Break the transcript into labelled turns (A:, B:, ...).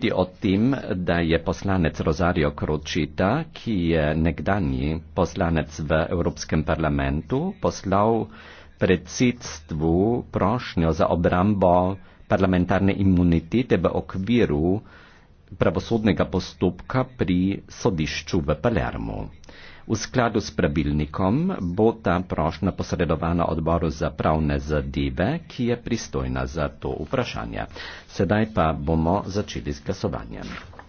A: govoriti o tem, da je poslanec Rosario Kročita, ki je nekdanji poslanec v Evropskem parlamentu, poslal predsedstvu prošnjo za obrambo parlamentarne imunitete v okviru pravosodnega postopka pri sodišču v Palermu. V skladu s pravilnikom bo ta prošnja posredovana odboru za pravne zadeve, ki je pristojna za to vprašanje. Sedaj pa bomo začeli z glasovanjem.